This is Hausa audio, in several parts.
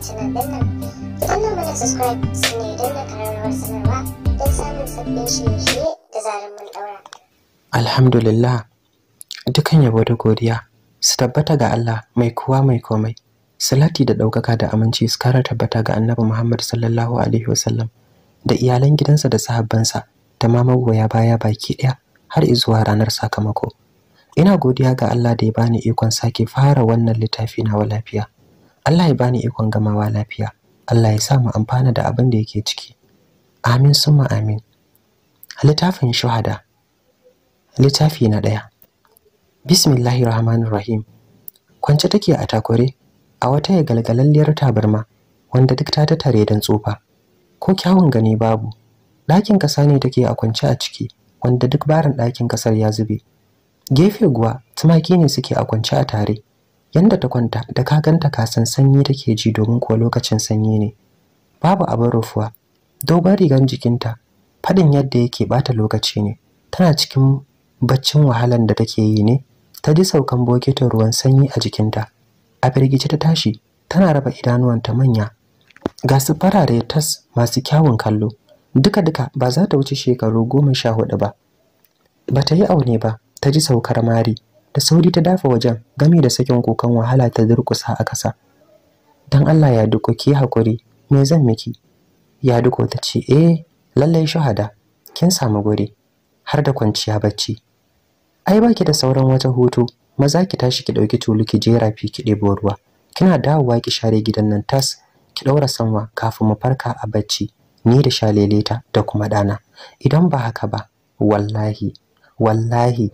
Alhamdu lillah alhamdulillah dukan yabo da godiya su tabbata ga Allah mai kowa mai komai salati da ɗaukaka da aminci su kara tabbata ga annabi Muhammad sallallahu alaihi wasallam da iyalan gidansa da sahabbansa da ma magoya baya baki ɗaya har izuwa ranar sakamako ina godiya ga Allah da ya bani ikon sake fara wannan littafi na lafiya Allah ya bani ikon gamawa lafiya Allah ya sa mu amfana da abin da yake ciki amin summa amin littafin shuhada littafi na ɗaya bismillahir rahmanir rahim kwance take a takure a wata ya galgalalliyar tabarma wanda duk ta tare don tsufa ko kyawun gani babu ɗakin kasa ne take a kwance a ciki wanda duk barin ɗakin kasar ya zube gefe guwa tumaki ne suke a kwance a tare yanda ta kwanta da ka ganta ka san sanyi take ji domin kuwa lokacin sanyi ne babu abin rufuwa dogon rigan jikinta faɗin yadda yake bata lokaci ne tana cikin baccin wahalan da take yi ne ta ji saukan bokitin ruwan sanyi a jikinta a firgice ta tashi tana raba idanuwanta manya ga su farare tas masu kyawun kallo duka duka ba za ta wuce shekaru goma sha hudu ba Ba ta yi aune ba ta ji saukar mari da sauri ta dafa wajen game da sakin kukan wahala ta durkusa a ƙasa dan Allah ya duko ki hakuri me zan miki ya duko ta ce eh lallai shahada kin samu guri har da kwanciya bacci ai baki da sauran wata hutu maza ki tashi ki ɗauki tulu ki jera fi ki ɗebo ruwa kina dawowa ki share gidan nan tas ki daura sanwa kafin mu farka a bacci ni da shaleleta da kuma ɗana idan ba haka ba wallahi wallahi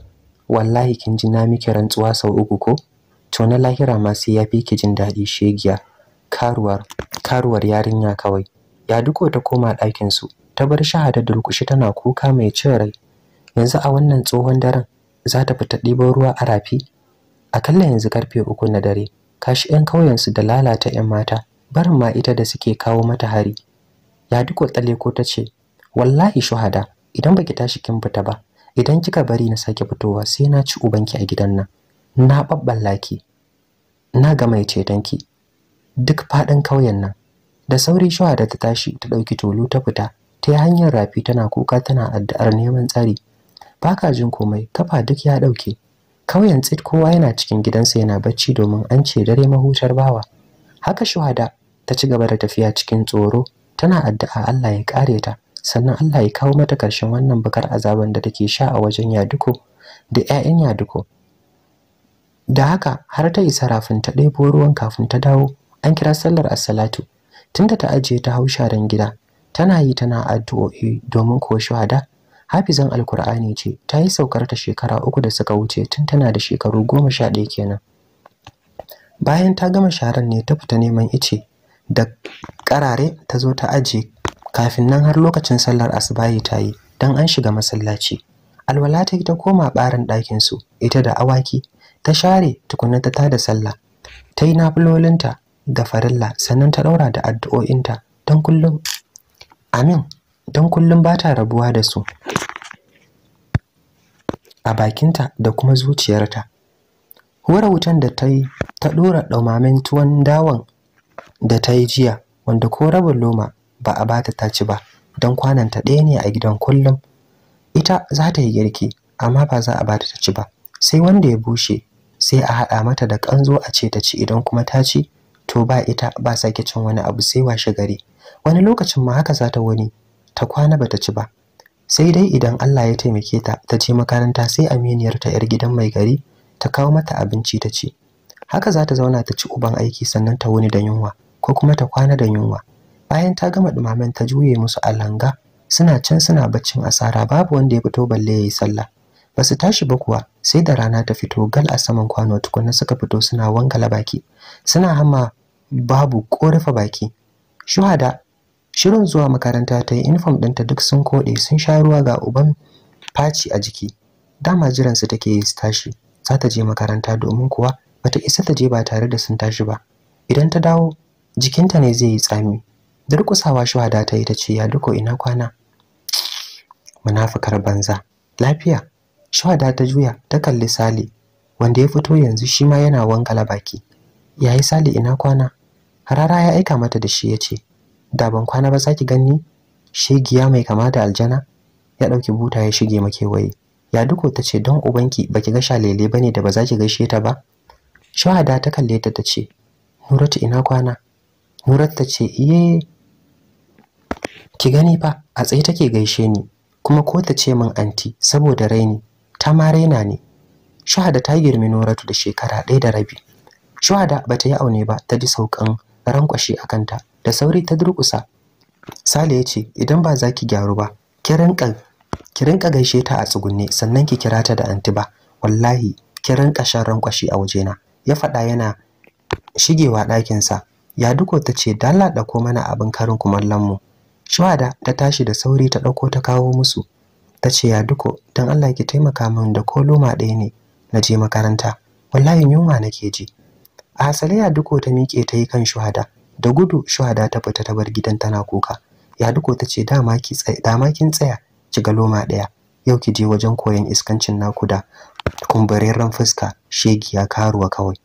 wallahi kin ji na miki rantsuwa sau uku ko to na lahira ma sai ya fi ki jin daɗi shegiya karuwar karuwar yarinya kawai ya duko ta koma ɗakin su ta bar shahada durkushi tana kuka mai cin rai yanzu a wannan tsohon daren za ta fita ɗiban ruwa a rafi akalla yanzu karfe uku na dare kashi 'yan su da lalata 'yan mata barin ma ita da suke kawo mata hari ya duko tsale ko ta ce wallahi shuhada idan baki tashi kin fita ba idan kika bari na sake fitowa sai na ci ubanki a gidan nan na babballa ki na ga mai danki. duk fadin kauyen nan da sauri shawa da ta tashi ta dauki tulu ta fita ta hanyar rafi tana kuka tana addu'ar neman tsari ba jin komai kafa duk ya dauke kauyen tsit kowa yana cikin gidansa yana bacci domin an ce dare mahutar bawa haka shuhada ta ci gaba da tafiya cikin tsoro tana addu'a Allah ya kare ta sannan Allah ya kawo mata ƙarshen wannan bakar azaban da take sha a wajen Yaduko da 'ya'yan Yaduko da haka har ta isa rafin ta ɗebo ruwan kafin ta dawo an kira sallar assalatu tunda ta ajiye ta hau sharan gida tana yi tana addu'o'i domin kuwa shuhada hafizan alkur'ani ce ta yi saukar ta shekara uku da suka wuce tun tana da shekaru goma sha ɗaya kenan bayan ta gama sharan ne ta fita neman ice da ƙarare, ta zo ta ajiye kafin nan har lokacin sallar yi ta yi don an shiga masallaci alwala ta ta koma ɓarin ɗakin ita da awaki ta share tukunna ta tada sallah ta yi nafilolinta da farilla sannan ta ɗaura da addu'o'inta don kullum amin don kullum ba ta rabuwa da su a bakinta da kuma zuciyarta hura wutan da ta yi ta ɗora ɗaumamin tuwon dawan da ta yi jiya wanda ko rabin loma ba a bata ta ci ba don kwananta ɗaya ne a gidan kullum ita za ta yi girki amma ba za a bata ta ci ba sai wanda ya bushe sai a haɗa mata da ƙanzo a ce ta ci idan kuma ta ci to ba ita ba sake cin wani abu sai washe gari wani lokacin ma haka za ta wani ta kwana ba ta ci ba sai dai idan Allah ya taimake ta ta je makaranta sai aminiyar ta yar gidan mai gari ta kawo mata abinci ta ci haka za ta zauna ta ci uban aiki sannan ta wuni da yunwa ko kuma ta kwana da yunwa bayan ta gama dumamen ta juye musu a suna can suna baccin asara babu wanda ya fito balle yayi sallah basu tashi ba kuwa sai da rana ta fito gal a saman kwano tukunna suka fito suna wangala baki suna hama babu korafa baki shuhada shirin zuwa makaranta ta yi uniform ɗinta duk sun koɗe sun sha ruwa ga uban faci a jiki dama jiransu take yi tashi za ta je makaranta domin kuwa bata isa ta je ba tare da sun tashi ba idan ta dawo jikinta ne zai yi tsami durƙusawa shuhada ta yi ta ce ya duko ina kwana munafikar banza lafiya shuhada ta juya ta kalli sali wanda ya fito yanzu shi ma yana wankala baki yayi sali ina kwana harara ya aika mata da shi ya ce da ban kwana ba saki ganni shegiya mai kama da aljana ya ɗauki buta ya shige makewaye ya duko ta ce don ubanki baki ga shalele bane da ba za ki gaishe ta ba shahada ta kalle ta ta ce nuratu ina kwana nurat ce iye eh. ki gani fa a tsaye take gaishe ni kuma ko ta ce min anti saboda raini ta ma raina ne shahada ta girmi noratu da shekara ɗaya da rabi shahada ba ta yi aune ba ta ji saukan rankwashe a kanta da sauri ta durƙusa sale ya ce idan ba za ki gyaru ba ki rinƙa gaishe ta a tsugunne sannan ki kira ta da anti ba wallahi ki rinka shan rankwashi a wajena ya faɗa yana shigewa ɗakinsa ya duko ta ce dala ɗauko mana abin karin kumallon mu Shuwada ta tashi da sauri ta ɗauko ta kawo musu. Ta ce ya duko don Allah ki taimaka min da ko loma ɗaya ne na je makaranta. Wallahi yunwa nake ji. A hasali ya duko ta miƙe ta yi kan shuhada. Da gudu shuhada ta fita ta bar gidan tana kuka. Ya duko ta ce dama kin tsaya ki ga loma ɗaya. Yau ki je wajen koyon iskancin da Kumburerren fuska shegiya karuwa kawai.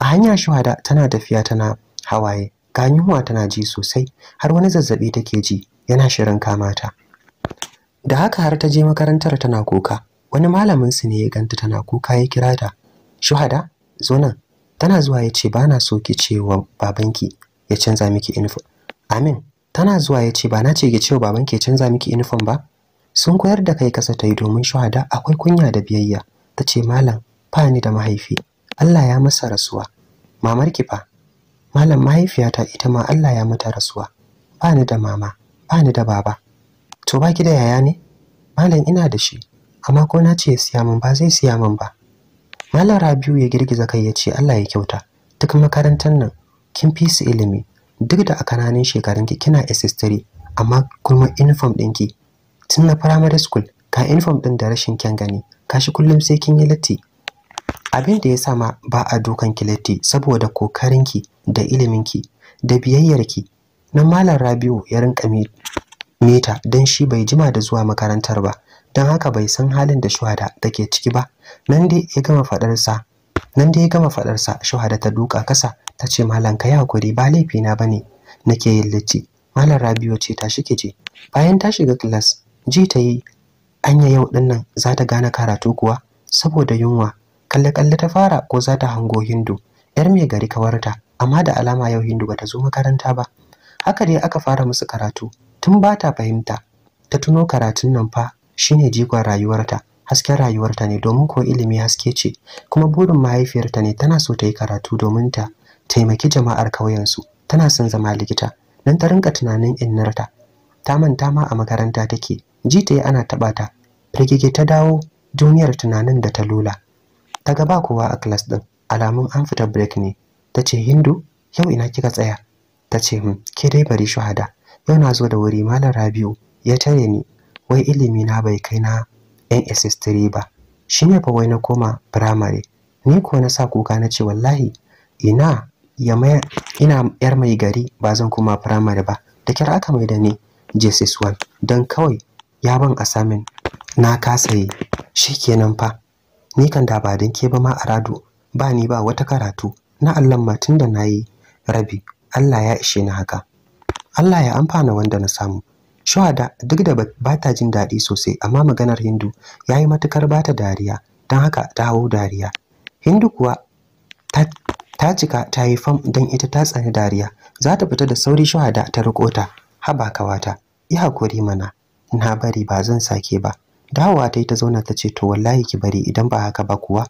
A hanya shuhada tana tafiya tana hawaye Ganyuwa tana ji sosai har wani zazzabi take ji yana shirin kama ta da haka har ta je makarantar tana kuka wani malamin su ne ya ganta tana kuka ya kira ta shuhada zo nan tana zuwa ya ce bana so ki ce babanki ya canza miki uniform amin tana zuwa ya ce ba na ce ki cewa babanki ya canza miki uniform ba sun koyar da kai kasa ta yi domin shuhada akwai kunya da biyayya ta ce malam fa ni da mahaifi Allah ya masa rasuwa mamar fa malam mahaifiyata ita ma Allah ya mata rasuwa ba ni da mama ba ni da baba to ba ki da yaya ne malam ina da shi amma ko na ce siya min ba zai siya min ba malam Rabiu ya girgiza kai ya ce Allah ya kyauta duk makarantar nan kin fi su ilimi duk da a kananan shekarunki kina SS3 amma kuma uniform ki, tun na primary school ka uniform din da rashin kyan gani kashi kullum sai kin yi latti abin da ya sama ba a dukan ki latti saboda ki da iliminki da biyayyarki na malam rabiu ya rinka mita don shi bai jima da zuwa makarantar ba don haka bai san halin da shuhada take ciki ba nan dai ya gama faɗarsa nan shuhada ta duka kasa ta ce malam ka yi hakuri ba laifi na bane nake yin litti malam rabiu ce ta shike je bayan ta shiga class ji ta yi anya yau din nan za ta gane karatu kuwa saboda yunwa kalle kalle ta fara ko za ta hango hindu yar mai gari kawarta amma da alama yau Hindu bata zo makaranta ba. Haka dai aka fara musu karatu, tun ba ta fahimta. Ta tuno karatun nan fa shine jigon rayuwarta, hasken rayuwarta ne domin ko ilimi haske ce, kuma burin mahaifiyarta ne tana so ta yi karatu domin ta taimaki jama'ar ƙauyensu, tana son zama likita, Nan ta rinka tunanin innarta. Ta manta ma a makaranta take, ji ta ana taɓa ta, firgige ta dawo duniyar tunanin da ta lula. Ta gaba kowa a class ɗin, alamun an fita break ne, ta ce hindu yau ina kika tsaya ta ce ke dai bari shahada yau na zo da wuri malam rabiu ya tare ni wai ilimi na bai kai na nss3 ba shi ne fa wai na koma firamare ni ko na sa kuka na ce wallahi ina ya mai ina yar mai gari ba zan koma firamare ba da kyar aka mai da ni jss1 don kawai ya ban asamin na kasa yi kenan fa ni kan da ba don ke ba ma a rado ba ni ba wata karatu na tun da na yi. rabi Allah ya ishe ni haka Allah ya amfana wanda na samu shuhada duk da ba ta jin daɗi sosai amma maganar hindu ya yi matukar ba ta dariya don haka ta hau dariya hindu kuwa ta cika ta yi fam don ita ta tsani dariya za ta fita da sauri shuhada ta riko ta haba kawata yi hakuri mana na bari ba zan sake ba dawowa ta yi ta zauna ta ce to wallahi ki bari idan ba haka ba kuwa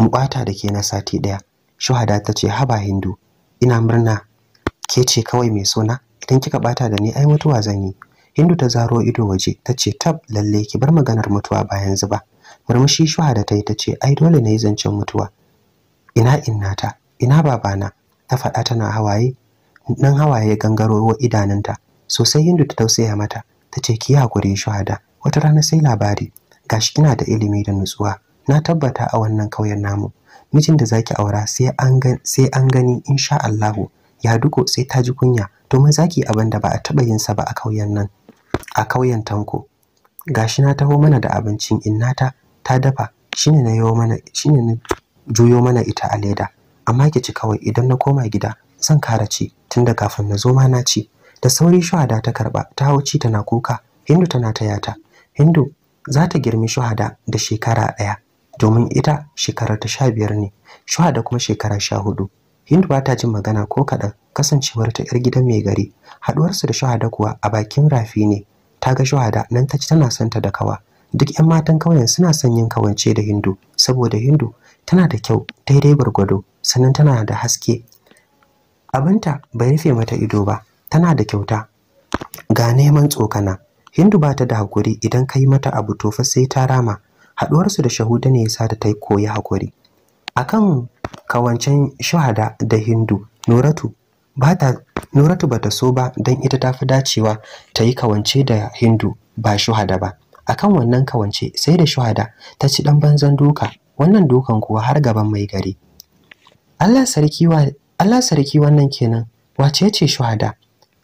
mu ɓata da ke na sati ɗaya shuhada ta ce haba hindu ina murna ke ce kawai mai suna. idan kika bata da ni ai mutuwa zan yi hindu ta zaro ido waje ta ce tab lalle ki bar maganar mutuwa bayan zuba murmushi shuhada ta yi ta ce ai dole na yi zancen mutuwa ina inna ta, ina babana ta faɗa tana hawaye nan hawaye gangaro wa idanunta sosai hindu ta tausaya mata ta ce ki hakuri shuhada wata rana sai labari gashi kina da ilimi da nutsuwa na tabbata a wannan kauyen namu mijin da zaki aura sai an ga sai an gani insha Allah ya duko sai ta ji kunya domin zaki abin da ba a taba yin sa ba a kauyen nan a kauyen Tanko gashi na taho mana da abincin innata ta dafa shine na mana shine na juyo mana ita a leda amma ki ci kawai idan na koma gida zan kara ci tunda kafin na zo ma na ci da sauri shuhada ta karba ta ci tana kuka hindu tana tayata hindu za ta girmi shuhada da shekara ɗaya domin ita shekara ta sha biyar ne shuha kuma shekara sha hudu hindu ba ta jin magana ko kaɗan kasancewar ta 'yar gidan mai gari haɗuwarsu da shuhada kuwa a bakin rafi ne ta ga shuhada nan ta ci tana son ta da kawa duk 'yan matan kauyen suna son yin kawance da hindu saboda hindu tana da kyau daidai gwargwado sannan tana da haske abinta bai rufe mata ido ba tana da kyauta ga neman tsokana hindu ba ta da hakuri idan ka yi mata abu to fa sai ta rama haɗuwarsu da shahuda ne yasa da ta koyi hakuri akan kawancen shahada da hindu Noratu ba ta nuratu so ba don ita ta fi dacewa ta yi kawance da hindu ba shahada ba akan wannan kawance sai da shahada ta ci ɗan banzan duka wannan dukan kuwa har gaban mai gari Allah sarki wa Allah sarki wannan kenan wace ce shahada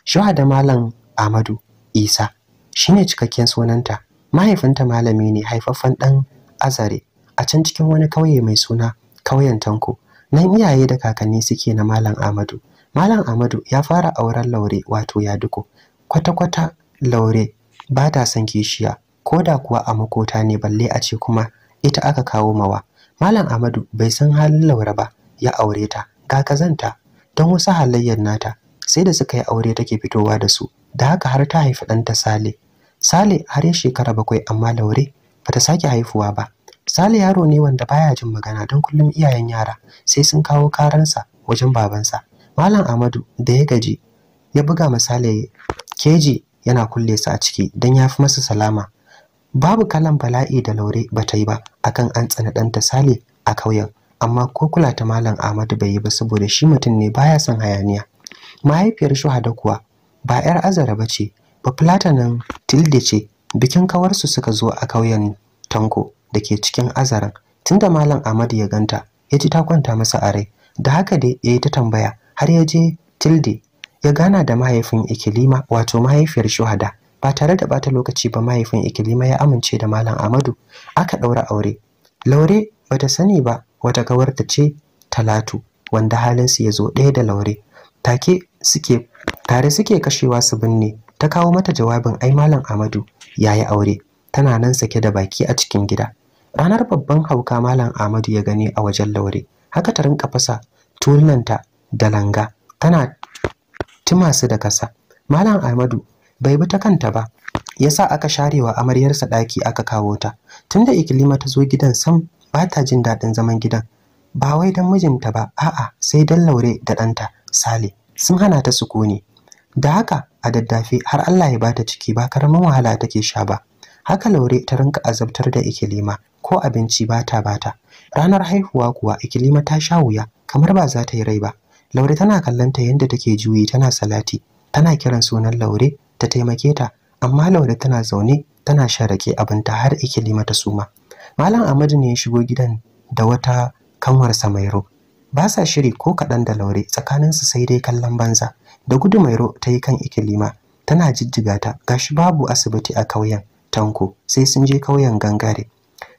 shuhada malam Amadu Isa shine cikakken sunanta mahaifinta malami ne haifaffen ɗan azare a can cikin wani kauye mai suna kauyen tanko nan iyaye da kakanni suke na malam amadu malam amadu ya fara auren laure wato ya duko kwata-kwata laure ba ta son kishiya ko da kuwa a makota ne balle a ce kuma ita aka kawo mawa malam amadu bai san halin laure ba ya aure ta ga kazanta don wasu halayyar nata sai da suka yi aure take fitowa da su da haka har ta haifi ɗanta sale Sale har ya shekara bakwai amma Laure ba bata sake haifuwa ba. Sale yaro ne wanda baya jin magana don kullum iyayen yara sai sun kawo karansa wajen babansa. Malam Amadu da ya gaji ya buga ma Sale keji yana kulle su a ciki don ya fi masa salama. Babu kalan bala'i da Laure ba ta yi ba akan an tsana ɗanta Sale a ƙauyen. amma ko kula ta malam Ahmadu bai yi ba saboda shi mutum ne baya son hayaniya mahaifiyar shuhada kuwa ba yar azara ba ce bafulatanin tilde ce bikin kawarsu suka zo a ƙauyen tanko da ke cikin azaran tunda malam ahmad ya ganta ya ji ta kwanta masa a rai da haka dai ya yi ta tambaya har ya je tilde ya gana da mahaifin ikilima wato mahaifiyar shuhada ba tare da bata lokaci ba mahaifin ikilima ya amince da malam amadu aka ɗaura aure laure bata sani ba wata kawarta ce talatu wanda halinsu ya zo ɗaya da laure take suke tare suke kashewa su binne ta kawo mata jawabin ai malam Amadu yi aure tana nan sake da baki a cikin gida ranar babban hauka malam Amadu ya gani a wajen Laure haka ta rinka fasa tulunanta da langa tana tuma su da kasa malam Amadu bai bi ta kanta ba yasa aka sharewa amaryarsa daki aka kawo ta tunda Ikilima ta zo gidan sam ba ta jin daɗin zaman gidan ba wai dan mijinta ba a'a sai dan Laure da ɗanta Sale sun hana ta sukuni da haka a daddafe har Allah ya bata ciki ba karamin wahala take sha ba haka laure ta rinka azabtar da ikilima ko abinci bata bata ranar haihuwa kuwa ikilima ta sha wuya kamar ba za ta yi rai ba laure tana kallon ta yadda take juyi tana salati tana kiran sunan laure ta taimake ta amma laure tana zaune tana sharake rake abinta har ikilima ta suma malam amadu ne ya shigo gidan da wata kanwarsa mai ro ba sa shiri ko kaɗan da laure tsakaninsu sai dai kallon banza da gudu mairo ta yi kan ikilima tana jijjiga ta gashi babu asibiti a kauyen tanko sai sun je kauyen gangare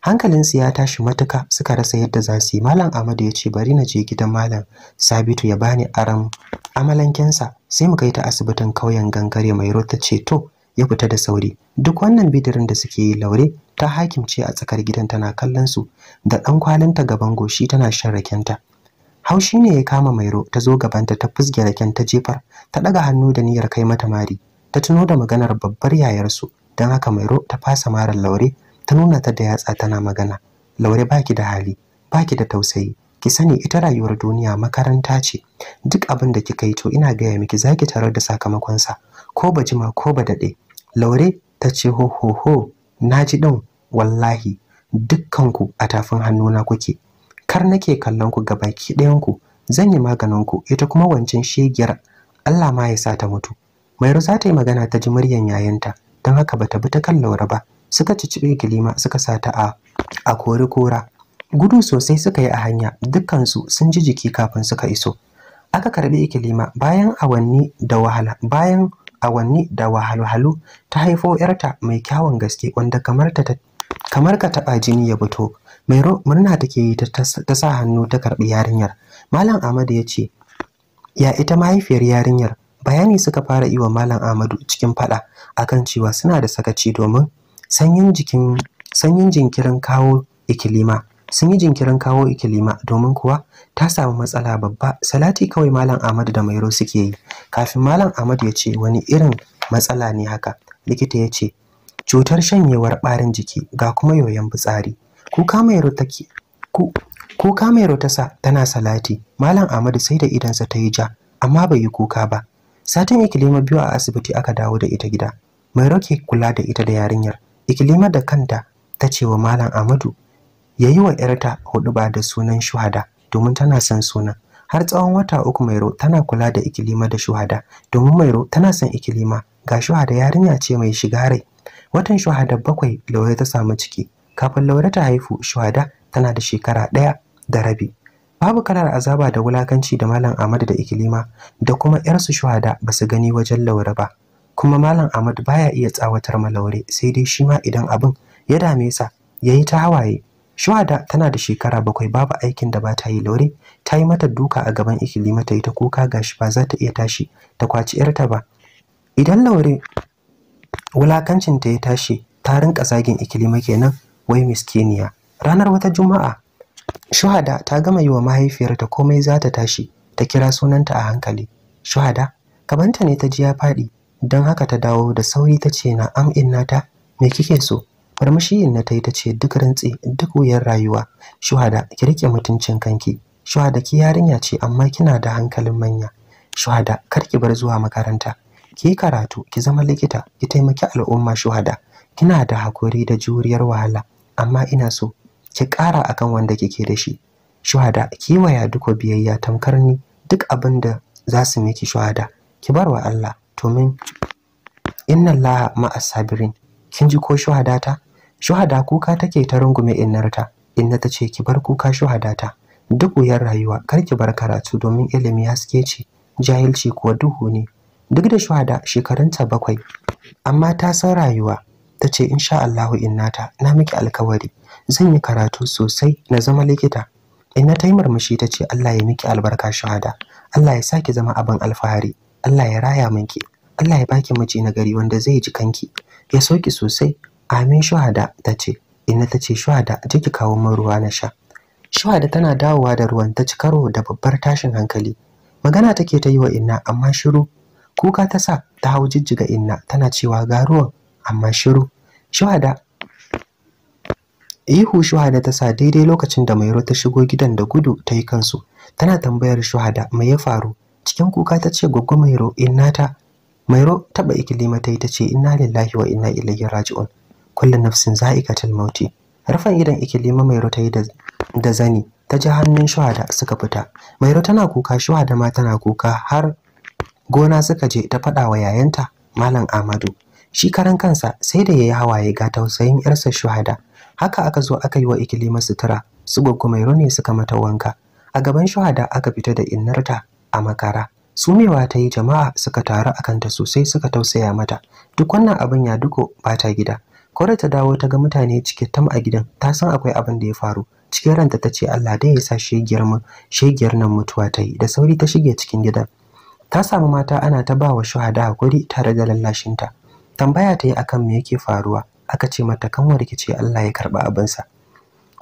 hankalinsu ya tashi matuka suka rasa yadda za su yi malam amadu ya ce bari na je gidan malam sabitu ya bani aram amalankensa sai mu kai ta asibitin kauyen gangare mairo ta ce to ya fita da sauri duk wannan bidirin da suke yi laure ta hakimce a tsakar gidan tana kallon su da ɗan kwalinta gaban goshi tana shan rakenta haushi ne ya kama mairo ta zo gabanta ta fusge raken ta jefar ta daga hannu da niyyar kai mata mari ta tuno da maganar babbar yayarsu don haka mairo ta fasa marar laure ta nuna ta da yatsa tana magana laure baki da hali baki da tausayi ki sani ita rayuwar duniya makaranta ce duk abin da kika yi to ina gaya miki zaki tarar da sakamakonsa ko ba jima ko ba daɗe laure ta ce ho ho ho na ji ɗin wallahi dukkanku a tafin hannuna kuke kar nake kallon ku gabaki ɗayan ku zan yi maganin ku ita kuma wancan shegiyar Allah ma ya sa ta mutu mai za ta yi magana ta ji muryan yayanta don haka bata bi ta kan Laura ba suka ci cibe gilima suka sa ta a a kori kora gudu sosai suka yi a hanya dukkansu sun ji jiki kafin suka iso aka karbi ikilima bayan awanni da wahala bayan awanni da wahalhalu ta haifo yarta mai kyawun gaske wanda kamar ka taɓa jini ya fito mai murna take yi ta sa hannu ta karɓi yarinyar malam Amadu ya ce ya ita mahaifiyar yarinyar bayani suka fara yi wa malam ahmadu cikin faɗa akan cewa suna da sakaci domin sanyin jikin sanyin jinkirin kawo ikilima sun yi jinkirin kawo ikilima domin kuwa ta samu matsala babba salati kawai malam ahmadu da mairo suke yi kafin malam ahmadu ya ce wani irin matsala ne haka likita ya ce cutar shanyewar ɓarin jiki ga kuma yoyon fitsari kuka mai ta sa tana salati malam Amadu sai da idansa ta yi ja amma bai yi kuka ba satin ikilima biyu a asibiti aka dawo da ita gida mai roke kula da ita da yarinyar ikilima da kanta ta ce wa malam Amadu ya yi wa ‘yarta hudu ba da sunan shuhada domin tana son suna. har tsawon wata uku mairo tana kula da ikilima da shuhada domin mairo tana son ikilima ga shuhada yarinya ce mai shiga rai watan shuhada bakwai lauya ta samu ciki kafin Laure ta haifu shuhada tana da shekara ɗaya da rabi babu kalar azaba da wulakanci da malam Ahmad da Ikilima da kuma yarsu shuhada ba su gani wajen Laure ba kuma malam Ahmad baya iya tsawatar ma Laure sai dai shi ma idan abin ya dame sa ya yi ta hawaye shuhada tana da shekara bakwai babu aikin da ba ta yi Laure ta yi mata duka a gaban Ikilima ta yi ta kuka gashi ba za ta iya tashi ta kwaci yarta ba idan Laure wulakancin ta ya tashi ta rinka zagin Ikilima kenan wai miskiniya ranar wata juma'a shuhada ta gama yi wa mahaifiyarta komai za ta tashi ta kira sunanta a hankali shuhada kabanta ne ta ji ya faɗi don haka ta dawo da sauri ta ce na am innata me kike so farmashi inna ta yi ta ce duk rantsi duk wuyar rayuwa shuhada ki rike mutuncin kanki shuhada ki yarinya ce amma kina da hankalin manya shuhada kar ki bar zuwa makaranta ki karatu ki zama likita ki taimaki al'umma shuhada kina da hakuri da juriyar wahala amma ina so ki ƙara akan wanda kike da shi shuhada ki duka biyayya tamkar ni duk abin da za su miki shuhada ki bar wa Allah domin inna Allah ma'as sabirin kin ji ko ta? shuhada kuka take ta rungume innarta inna tace ki bar kuka ta. duk wuyar rayuwa kar ki bar karatu domin ilimi haske ce jahilci kuwa duhu ne duk da shuhada shekarunta bakwai amma ta san rayuwa ta ce insha Allahu ta, na miki alkawari zan yi karatu sosai na zama likita inna ta yi murmushi ta ce Allah ya miki albarka shahada Allah ya saki zama abin alfahari Allah ya raya minki Allah ya baki miji na gari wanda zai ji kanki ya soki sosai amin shahada ta ce inna ta ce shahada je ki kawo min ruwa na sha shahada tana dawowa da ruwan ta ci karo da babbar tashin hankali magana take ta yi wa inna amma shiru kuka ta sa ta hau jijjiga inna tana cewa ga ruwan amma shiru shuhada ihu shuhada ta sa daidai lokacin da mairo ta shigo gidan da gudu ta yi kansu tana tambayar shuhada mai ya faru cikin kuka ta ce gwaggo mairo inna ta mairo taba ikilima ta yi ta ce inna lillahi wa inna ilaihi raji'un kullu nafsin za'iqatul mauti rufan idan ikilima mairo ta yi da zani ta ji hannun shuhada suka fita mairo tana kuka shuhada ma tana kuka har gona suka je ta faɗa wa yayanta malam amadu shi karan kansa sai da ya yayi hawaye ga tausayin yarsa shuhada haka aka zo aka yi wa ikilima sutura su mairo ne suka mata wanka a gaban shuhada aka fita da innarta a makara sumewa ta yi jama'a suka taru a kanta sosai suka tausaya mata duk wannan abin ya duko ba ta gida kore ta dawo ta ga mutane cike tam a gidan ta san akwai abin da ya faru cikin ranta ta ce Allah dai ya sa shegiyar mu shegiyar nan mutuwa ta yi da sauri ta shige cikin gidan ta samu mata ana ta ba wa shuhada hakuri tare da lallashinta tambaya ta yi akan me yake faruwa aka ce mata kanwar ce Allah ya karba abinsa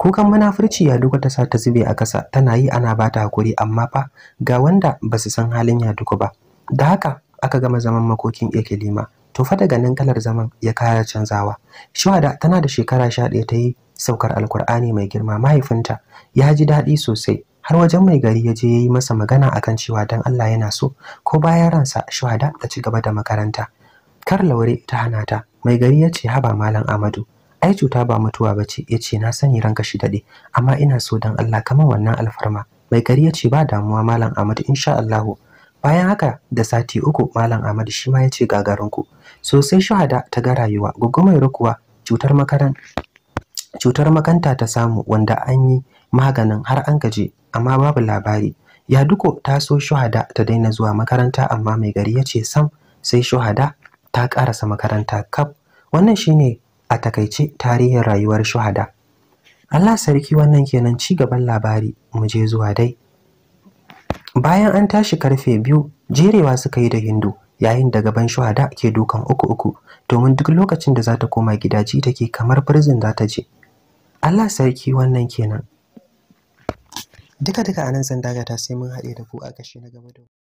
kukan munafurci ya duka ta sa ta zube a kasa tana yi ana ba ta hakuri amma fa ga wanda ba su san halin ya duka ba da haka aka gama zaman makokin ikilima to fa daga nan kalar zaman ya kara canzawa shuhada tana da shekara sha ɗaya ta yi saukar alkur'ani mai girma mahaifinta ya ji daɗi sosai har wajen mai gari ya je ya yi masa magana akan cewa dan Allah yana so ko bayan ransa shuhada ta ci gaba da makaranta kar laure ta hana ta mai gari ya ce haba malam amadu ai cuta ba mutuwa ba ce ya ce na sani ranka shi daɗe amma ina so don allah kamar wannan alfarma mai gari ya ce ba damuwa malam amadu insha allahu bayan haka da sati uku malam amadu shi ma ya ce gagarinku sosai shahada ta ga rayuwa mai rukuwa cutar makaran cutar makanta ta samu wanda an yi maganin har an gaje amma babu labari Ya yaduko ta so shahada ta daina zuwa makaranta amma mai gari ya ce sam sai shahada ta karasa makaranta kaf wannan shine a takaice tarihin rayuwar shuhada Allah sarki wannan kenan ci gaban labari mu je zuwa dai bayan an tashi karfe biyu jerewa suka yi da hindu yayin da gaban shuhada ke dukan uku uku domin duk lokacin da za ta koma gidaji take kamar prison za ta je Allah sarki wannan kenan duka duka anan zan dagata sai mun haɗe da ku a kashi na gaba da